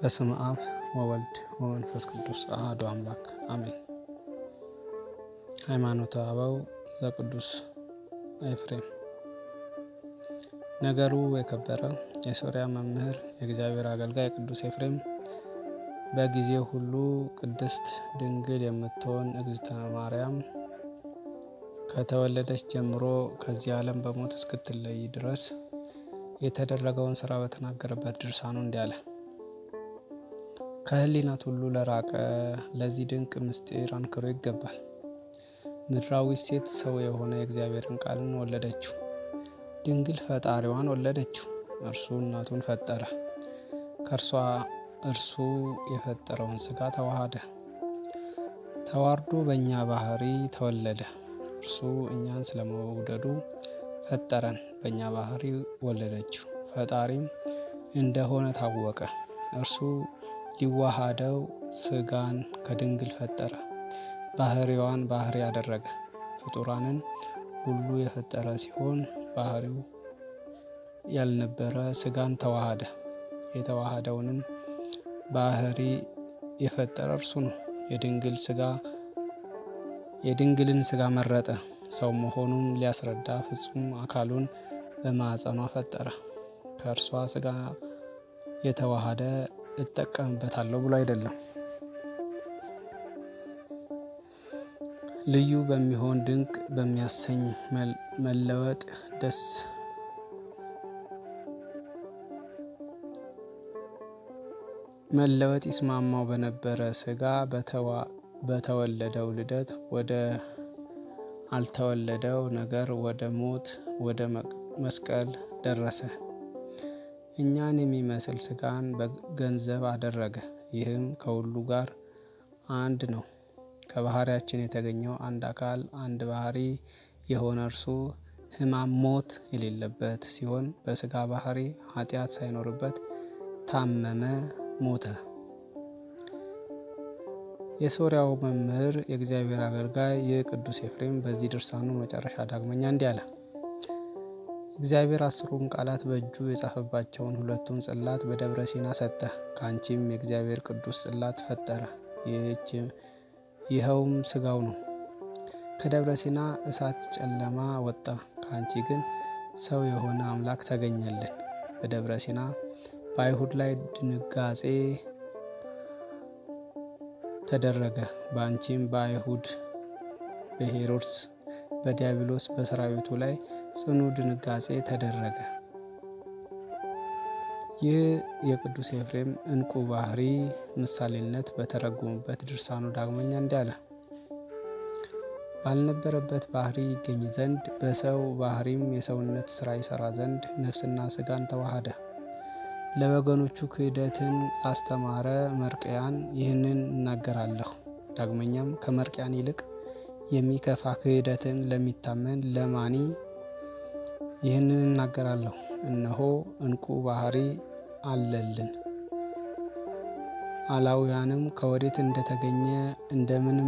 በስም አብ ወወልድ ወመንፈስ ቅዱስ አህዶ አምላክ አሜን። ሃይማኖተ አበው ዘቅዱስ ኤፍሬም። ነገሩ የከበረ የሶርያ መምህር የእግዚአብሔር አገልጋይ ቅዱስ ኤፍሬም በጊዜ ሁሉ ቅድስት ድንግል የምትሆን እግዝእተ ማርያም ከተወለደች ጀምሮ ከዚህ ዓለም በሞት እስክትለይ ድረስ የተደረገውን ስራ በተናገረበት ድርሳኑ እንዲህ አለ። ከህሊናት ሁሉ ለራቀ ለዚህ ድንቅ ምስጢር አንክሮ ይገባል። ምድራዊ ሴት ሰው የሆነ የእግዚአብሔርን ቃልን ወለደችው። ድንግል ፈጣሪዋን ወለደችው። እርሱ እናቱን ፈጠረ። ከእርሷ እርሱ የፈጠረውን ስጋ ተዋሃደ። ተዋርዶ በእኛ ባህሪ ተወለደ። እርሱ እኛን ስለመውደዱ ፈጠረን፣ በእኛ ባህሪ ወለደችው። ፈጣሪም እንደሆነ ታወቀ። እርሱ ሊዋሃደው ስጋን ከድንግል ፈጠረ። ባህሪዋን ባህሪ ያደረገ ፍጡራንን ሁሉ የፈጠረ ሲሆን ባህሪው ያልነበረ ስጋን ተዋሃደ። የተዋሃደውንም ባህሪ የፈጠረ እርሱ ነው። የድንግል ስጋ የድንግልን ስጋ መረጠ። ሰው መሆኑን ሊያስረዳ ፍጹም አካሉን በማዕፀኗ ፈጠረ። ከእርሷ ስጋ የተዋሃደ እጠቀምበታለሁ ብሎ አይደለም። ልዩ በሚሆን ድንቅ በሚያሰኝ መለወጥ ደስ መለወጥ ይስማማው በነበረ ስጋ በተወለደው ልደት ወደ አልተወለደው ነገር ወደ ሞት ወደ መስቀል ደረሰ። እኛን የሚመስል ስጋን በገንዘብ አደረገ ይህም ከሁሉ ጋር አንድ ነው። ከባህሪያችን የተገኘው አንድ አካል አንድ ባህሪ የሆነ እርሱ ሕማም ሞት የሌለበት ሲሆን በስጋ ባህሪ ኃጢአት ሳይኖርበት ታመመ ሞተ። የሶሪያው መምህር የእግዚአብሔር አገልጋይ ይህ ቅዱስ ኤፍሬም በዚህ ድርሳኑ መጨረሻ ዳግመኛ እንዲህ አለ እግዚአብሔር አስሩን ቃላት በእጁ የጻፈባቸውን ሁለቱን ጽላት በደብረ ሲና ሰጠ። ከአንቺም የእግዚአብሔር ቅዱስ ጽላት ፈጠረ፣ ይኸውም ስጋው ነው። ከደብረ ሲና እሳት ጨለማ ወጣ፣ ከአንቺ ግን ሰው የሆነ አምላክ ተገኘልን። በደብረ ሲና በአይሁድ ላይ ድንጋጼ ተደረገ፣ በአንቺም በአይሁድ በሄሮድስ በዲያብሎስ በሰራዊቱ ላይ ጽኑ ድንጋጼ ተደረገ። ይህ የቅዱስ ኤፍሬም እንቁ ባህሪ ምሳሌነት በተረጎሙበት ድርሳኑ ዳግመኛ እንዳለ ባልነበረበት ባህሪ ይገኝ ዘንድ በሰው ባህሪም የሰውነት ስራ ይሰራ ዘንድ ነፍስና ስጋን ተዋሃደ። ለወገኖቹ ክህደትን አስተማረ። መርቅያን ይህንን እናገራለሁ። ዳግመኛም ከመርቅያን ይልቅ የሚከፋ ክህደትን ለሚታመን ለማኒ ይህንን እናገራለሁ፣ እነሆ እንቁ ባህሪ አለልን። አላውያንም ከወዴት እንደተገኘ እንደምንም